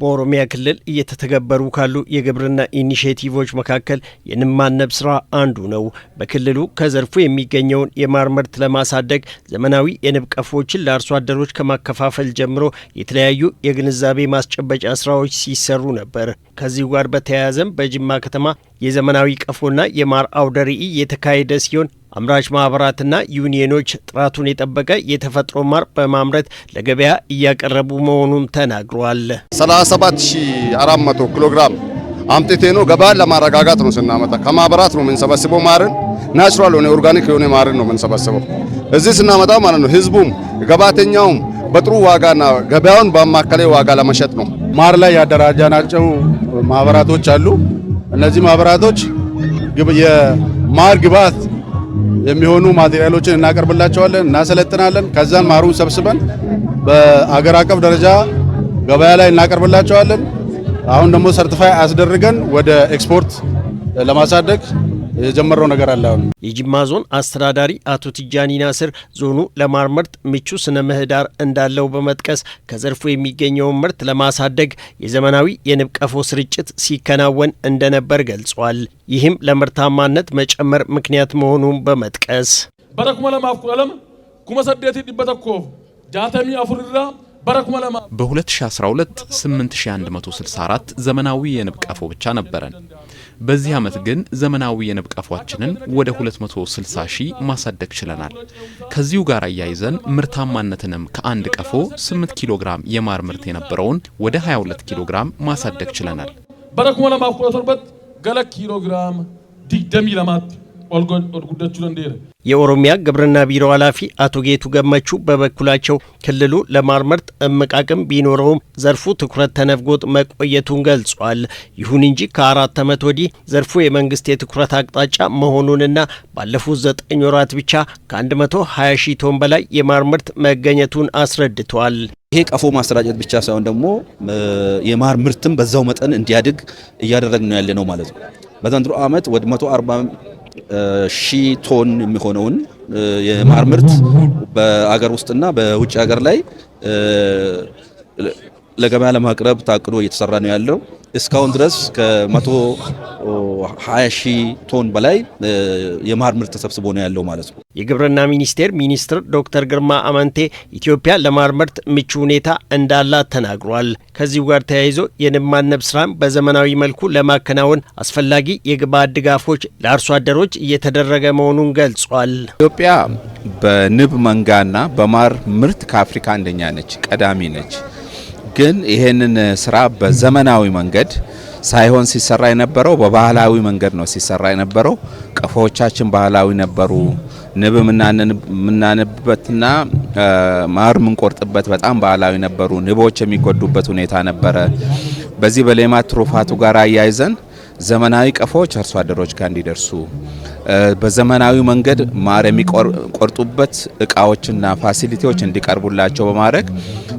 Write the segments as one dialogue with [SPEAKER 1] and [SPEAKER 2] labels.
[SPEAKER 1] በኦሮሚያ ክልል እየተተገበሩ ካሉ የግብርና ኢኒሽቲቮች መካከል የንማነብ ስራ አንዱ ነው። በክልሉ ከዘርፉ የሚገኘውን የማር ምርት ለማሳደግ ዘመናዊ የንብ ቀፎዎችን ለአርሶ አደሮች ከማከፋፈል ጀምሮ የተለያዩ የግንዛቤ ማስጨበጫ ስራዎች ሲሰሩ ነበር። ከዚሁ ጋር በተያያዘም በጅማ ከተማ የዘመናዊ ቀፎና የማር አውደ ርዕይ የተካሄደ ሲሆን አምራች ማህበራትና ዩኒየኖች ጥራቱን የጠበቀ የተፈጥሮ ማር በማምረት ለገበያ እያቀረቡ መሆኑን ተናግረዋል።
[SPEAKER 2] 37400 ኪሎ ግራም አምጥቴ ነው ገበያን ለማረጋጋት ነው ስናመጣ ከማህበራት ነው የምንሰበስበው። ማርን ናቹራል የሆነ ኦርጋኒክ የሆነ ማርን ነው የምንሰበስበው እዚህ ስናመጣ ማለት ነው። ህዝቡም ገባተኛውም በጥሩ ዋጋና ገበያውን በአማካላይ ዋጋ ለመሸጥ ነው። ማር ላይ ያደራጃናቸው ማህበራቶች አሉ። እነዚህ ማብራቶች የማር ግብዓት የሚሆኑ ማቴሪያሎችን እናቀርብላቸዋለን፣ እናሰለጥናለን። ከዛን ማሩን ሰብስበን በአገር አቀፍ ደረጃ ገበያ ላይ እናቀርብላቸዋለን። አሁን ደግሞ ሰርቲፋይ አስደርገን ወደ ኤክስፖርት ለማሳደግ የጀመረው ነገር አለ። አሁን
[SPEAKER 1] የጅማ ዞን አስተዳዳሪ አቶ ትጃኒ ናስር ዞኑ ለማር ምርት ምቹ ስነ ምህዳር እንዳለው በመጥቀስ ከዘርፉ የሚገኘውን ምርት ለማሳደግ የዘመናዊ የንብ ቀፎ ስርጭት ሲከናወን እንደነበር ገልጿል። ይህም ለምርታማነት መጨመር ምክንያት መሆኑን በመጥቀስ
[SPEAKER 3] በረኩመ ለማፍ ቁለም ኩመሰዴት ዲበተኮ ጃተሚ አፉርራ
[SPEAKER 1] በ2012 8164 ዘመናዊ የንብ ቀፎ ብቻ ነበረን። በዚህ ዓመት ግን ዘመናዊ የንብ ቀፏችንን ወደ 260 ሺህ ማሳደግ ችለናል። ከዚሁ ጋር አያይዘን ምርታማነትንም ከአንድ ቀፎ 8 ኪሎ ግራም የማር ምርት የነበረውን ወደ 22 ኪሎ ግራም ማሳደግ ችለናል።
[SPEAKER 3] በረኮ ለማቁረቶርበት ገለ ኪሎ ግራም ዲግደሚ ለማት
[SPEAKER 1] የኦሮሚያ ግብርና ቢሮ ኃላፊ አቶ ጌቱ ገመቹ በበኩላቸው ክልሉ ለማርመርት ምርት እምቅ አቅም ቢኖረውም ዘርፉ ትኩረት ተነፍጎት መቆየቱን ገልጿል። ይሁን እንጂ ከአራት ዓመት ወዲህ ዘርፉ የመንግስት የትኩረት አቅጣጫ መሆኑንና ባለፉት ዘጠኝ ወራት ብቻ ከ120 ሺህ ቶን በላይ የማርመርት መገኘቱን አስረድተዋል።
[SPEAKER 2] ይሄ ቀፎ ማሰራጨት ብቻ ሳይሆን ደግሞ የማር ምርትም በዛው መጠን እንዲያድግ እያደረግ ነው ያለ ነው ማለት ነው። በዘንድሮ ዓመት ወደ 140 ሺህ ቶን የሚሆነውን የማር ምርት በአገር ውስጥና በውጭ ሀገር ላይ ለገበያ ለማቅረብ ታቅዶ እየተሰራ ነው ያለው። እስካሁን ድረስ ከ120 ሺህ ቶን በላይ የማር ምርት ተሰብስቦ ነው ያለው ማለት ነው።
[SPEAKER 1] የግብርና ሚኒስቴር ሚኒስትር ዶክተር ግርማ አማንቴ ኢትዮጵያ ለማር ምርት ምቹ ሁኔታ እንዳላት ተናግሯል። ከዚሁ ጋር ተያይዞ የንብ ማነብ ስራም በዘመናዊ መልኩ ለማከናወን አስፈላጊ የግብዓት ድጋፎች ለአርሶ አደሮች እየተደረገ መሆኑን ገልጿል።
[SPEAKER 4] ኢትዮጵያ በንብ መንጋና በማር ምርት ከአፍሪካ አንደኛ ነች፣ ቀዳሚ ነች። ግን ይሄንን ስራ በዘመናዊ መንገድ ሳይሆን ሲሰራ የነበረው በባህላዊ መንገድ ነው ሲሰራ የነበረው። ቀፎዎቻችን ባህላዊ ነበሩ። ንብ የምናንብበትና ማር የምንቆርጥበት በጣም ባህላዊ ነበሩ። ንቦች የሚጎዱበት ሁኔታ ነበረ። በዚህ በሌማት ትሩፋቱ ጋር አያይዘን ዘመናዊ ቀፎዎች አርሶ አደሮች ጋር እንዲደርሱ በዘመናዊ መንገድ ማር የሚቆርጡበት እቃዎችና ፋሲሊቲዎች እንዲቀርቡላቸው በማድረግ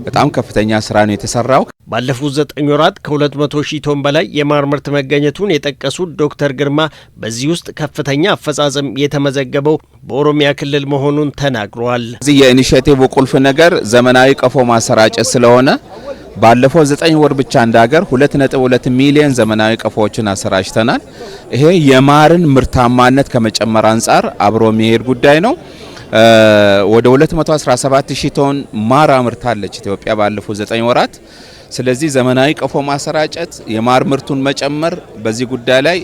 [SPEAKER 4] በጣም ከፍተኛ ስራ ነው የተሰራው።
[SPEAKER 1] ባለፉት ዘጠኝ ወራት ከ200 ሺህ ቶን በላይ የማር ምርት መገኘቱን የጠቀሱት ዶክተር ግርማ በዚህ ውስጥ ከፍተኛ አፈጻጸም የተመዘገበው በኦሮሚያ ክልል መሆኑን ተናግረዋል።
[SPEAKER 5] እዚህ የኢኒሽቲቭ ቁልፍ ነገር ዘመናዊ ቀፎ ማሰራጨት ስለሆነ ባለፈው ዘጠኝ ወር ብቻ እንደ ሀገር 2.2 ሚሊዮን ዘመናዊ ቀፎዎችን አሰራጭተናል። ይሄ የማርን ምርታማነት ከመጨመር አንጻር አብሮ የሚሄድ ጉዳይ ነው። ወደ 217 ሺህ ቶን ማር አምርታለች ኢትዮጵያ ባለፉት ዘጠኝ ወራት። ስለዚህ ዘመናዊ ቀፎ ማሰራጨት፣ የማር ምርቱን መጨመር በዚህ ጉዳይ ላይ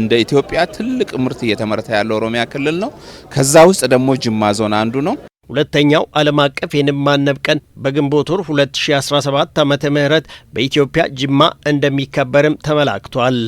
[SPEAKER 5] እንደ ኢትዮጵያ ትልቅ ምርት እየተመረተ ያለው ኦሮሚያ ክልል ነው። ከዛ ውስጥ ደግሞ ጅማ ዞን አንዱ ነው።
[SPEAKER 1] ሁለተኛው ዓለም አቀፍ የንብ ማነብ ቀን በግንቦት ወር 2017 ዓ ም በኢትዮጵያ ጅማ እንደሚከበርም ተመላክቷል።